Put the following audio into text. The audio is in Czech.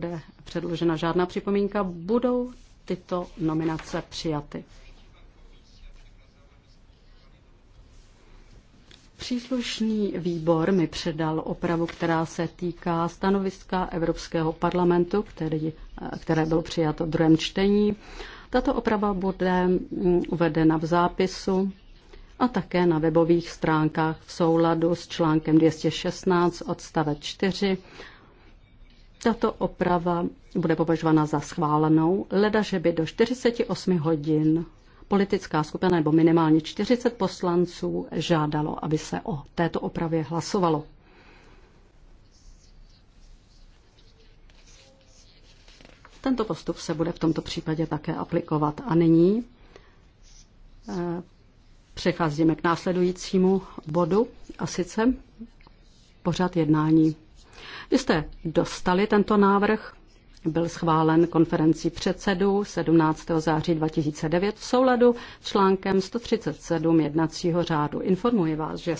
bude předložena žádná připomínka, budou tyto nominace přijaty. Příslušný výbor mi předal opravu, která se týká stanoviska Evropského parlamentu, který, které bylo přijato v druhém čtení. Tato oprava bude mm, uvedena v zápisu a také na webových stránkách v souladu s článkem 216 odstavec 4 tato oprava bude považována za schválenou, leda, že by do 48 hodin politická skupina nebo minimálně 40 poslanců žádalo, aby se o této opravě hlasovalo. Tento postup se bude v tomto případě také aplikovat. A nyní eh, přecházíme k následujícímu bodu, a sice pořad jednání. Vy jste dostali tento návrh, byl schválen konferencí předsedů 17. září 2009 v souladu s článkem 137 jednacího řádu. Informuji vás, že